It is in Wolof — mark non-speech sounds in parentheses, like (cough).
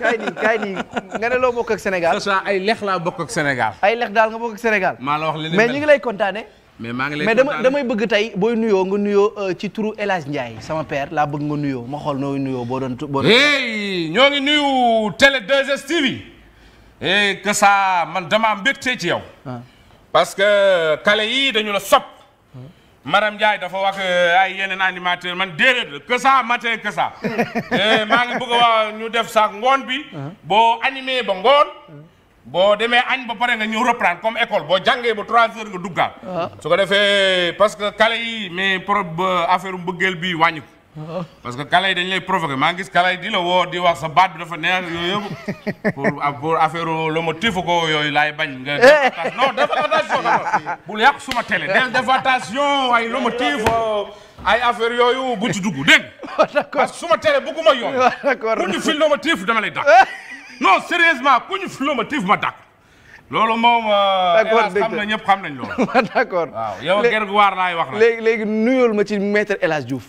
kaay nii kaay nii nga ne loo bokk ak Sénégal. ay lex laa bokk ak Sénégal. ay lex daal nga bokk ak Sénégal. maa la wax leneen mais ñu ngi lay kontaane. mais maa ngi lay kontaane mais damay bëgg tey booy nuyoo nga nuyoo euh, ci turu El Hadj Ndiaye sama père laa bëgg nga nuyoo ma xool noo nuyoo boo doon. boo doon hey ñoo ngi nuyu Télé 2STV. et eh, que ça man damaa mbégte ci yow. Ah. parce que kale yi dañu la sopp madame Ndiaye dafa wax euh, ay yeneen animateur man déedéet que ça matin que ça (laughs) euh, maa ngi bëgg a ñu def saak ngoon bi uh-huh. boo animé ba ngoon uh-huh. boo demee añ ba pare nga ñëw reprendre comme école boo jàngee ba trois heures nga duggaat uh-huh. su ko defee parce que kale yi mais problème affaire mbëggeel bi bii ko parce que kala yi dañ lay provoqué maa ngi gis kala di la woo di wax sa baat bi dafa neex yooyu pour pour affaire lomotif ko yooyu laay bañ nga non defal attention ay ay affaire yooyu bu ci dugg dégg (laughs) parce que suma télé bëgguma yooyu (laughs) ku ñu fi lomotif dama lay dàq non sérieusement ku ñu fi lomotif ma dàq loolu moom. Euh, d'accord xam na ñëpp xam nañ loolu. (laughs) d'accord waaw yow Gerte Waar laay wax la. léegi léegi nuyul ma ci maître El Hadj Diouf.